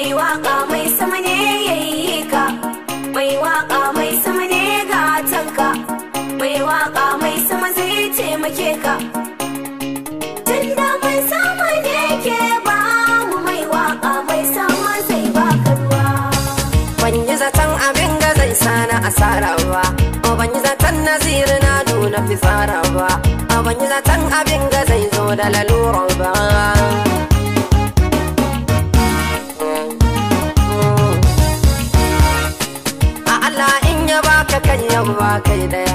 mai waka mai sama ne yayi ka mai waka mai sama ne gatanka mai waka mai sama zai taimake ka na asara ba o ban yi zaton naziri na nuna fitsara ba o ban yi zaton abin ga zai zo da lalura ba ruwa kai daya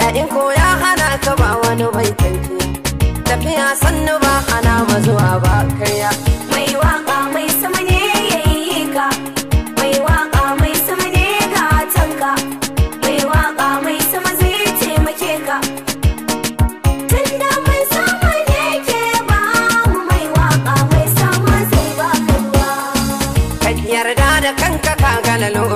yayin eh, ko ya hana ka ba wani bai tafi tafiya sannu ba hana ma zuwa ba kaiya mai waka mai sama ne ya yi ka mai waka mai sama ne gatan tanka mai waka mai sama zai taimake ka tunda mai sama ne ke ba mai waka mai sama zai ba ka yarda da kanka ka gana lalo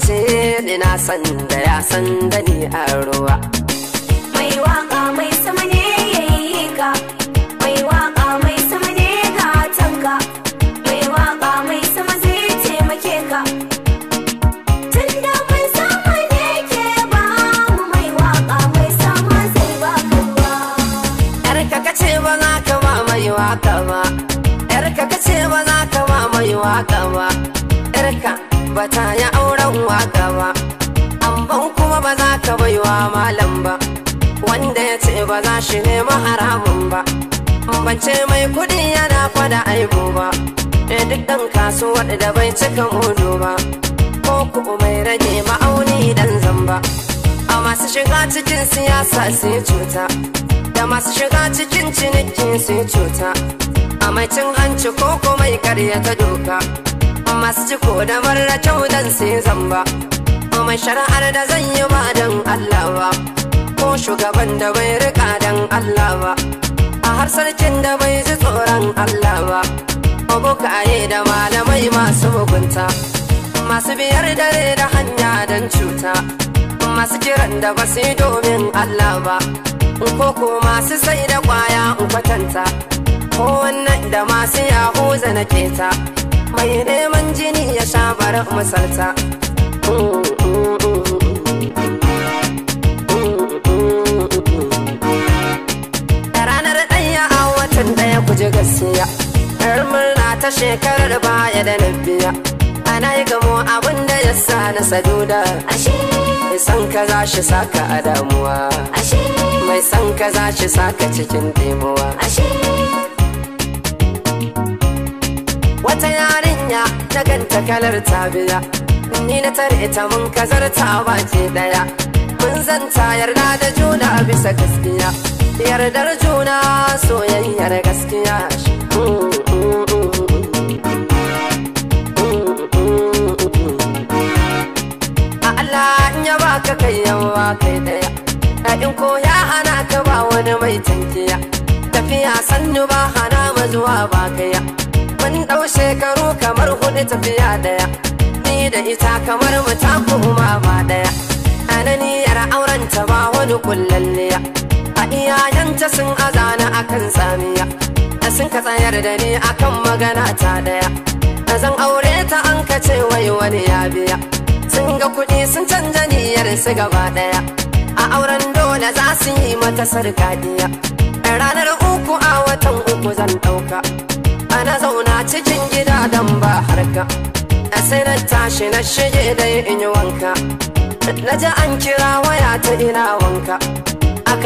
ce na san da ya san da ni a ruwa mai waka mai sama ne ya yi ka mai waka mai sama ne ka tanka mai waka mai sama zai taimake ka ce ba za ka ba mai waka ba yar ka ce ba za ka ba mai waka ba yarka ba ta yi ba za ka baiwa malam ba wanda ya ce ba za shi nema haramun ba bance mai kudi yana kwada aibu ba e duk dan kasuwar da bai cika mudu ba ko ku mai rage ma'auni dan zamba a masu shiga cikin siyasa sai cuta da masu shiga cikin ciniki sai cuta a mai cin hanci ko kuma karya ta doka masu ciko da marar kyau dan sai zamba mai shari'ar da zan yi ba dan Allah ba ko shugaban da bai rika dan Allah ba a har sarkin da bai ji tsoron Allah ba aye da malamai masu mugunta masu biyar dare da hanya don cuta masu kiran da ba su yi domin Allah ba ko ko masu sai da kwaya kwatanta ko wannan da masu yahuza na keta mai neman jini ya sha bar misalta. siya Yar murna ta shekarar baya da na biya Ana yi gamo abin da ya sa na saduda Ashe Mai san ka za shi saka a damuwa Ashe Mai san ka za shi saka cikin demuwa Ashe Wata yarinya ta ganta kalar tabiya Ni na tare ta mun kazarta baki daya Mun zanta yarda da juna bisa gaskiya yardar juna soyayyar gaskiya a Allah in ya baka kai yawa kai daya a in ko ya hana ka ba wani mai tankiya tafiya sannu ba hana ma zuwa ba kaya mun dau shekaru kamar hudu tafiya daya ni da ita kamar mu ta kuma ba daya yar auren ta ba wani kullalliya iyayenta sun azana akan tsamiya sun ka tsayar da ni akan magana ta daya zan aure ta an ka ce wai wani ya biya sun ga kuɗi sun canja niyyar su gaba daya a auren dole za su yi mata sarkadiya ranar uku a watan uku zan ɗauka ana zauna cikin gida don ba harka sai na tashi na shige dai in yi wanka na ji an kira waya ta ina wanka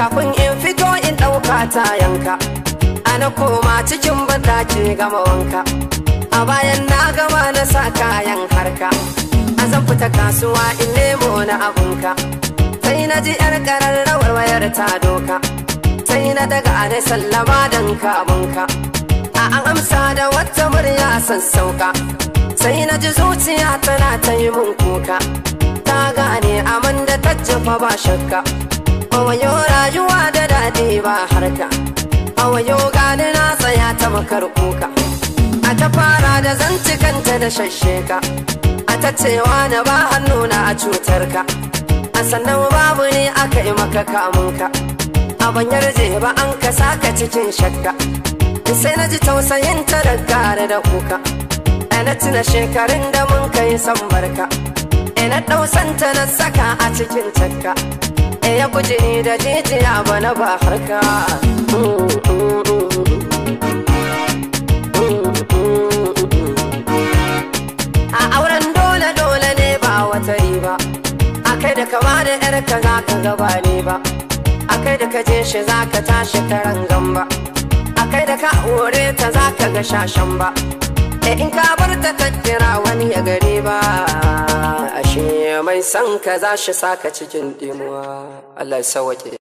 kafin in fito in ɗauka ta yanka. ana koma cikin banɗaki gama wanka a bayan na gama na sa kayan harka a zan fita kasuwa in nemo na abunka sai na ji yar ƙararrawar wayar ta doka sai na daga a sallama don kabunka a an amsa da wata murya sassauka sai na ji zuciya tana ta yi mun kuka ta gane aman da ta jefa ba shakka Awayo rayuwa da daɗi ba harka Awayo gani na tsaya ta makar kuka A ta fara da zancikanta da shasheka A ta cewa na ba hannuna a cutar ka A sannan babu ne aka yi maka kamun ka A banyar ba an ka saka cikin shakka Sai na ji tausayin ta da gare da kuka na tuna shekarun da mun kai san barka ina ɗausanta na saka a cikin takka ya guje da jijiya ba na ba harka a auren dole dole ne ba wata ba a kai da kama da yarka za ka gaba ne ba a kai da ka je shi za ka tashi karan gamba a kai da ka hore ta za ka ga shashen ba e in ka bar ta wani ya gare ba ashe mai san ka za shi saka cikin dimuwa Allah ya sawaƙe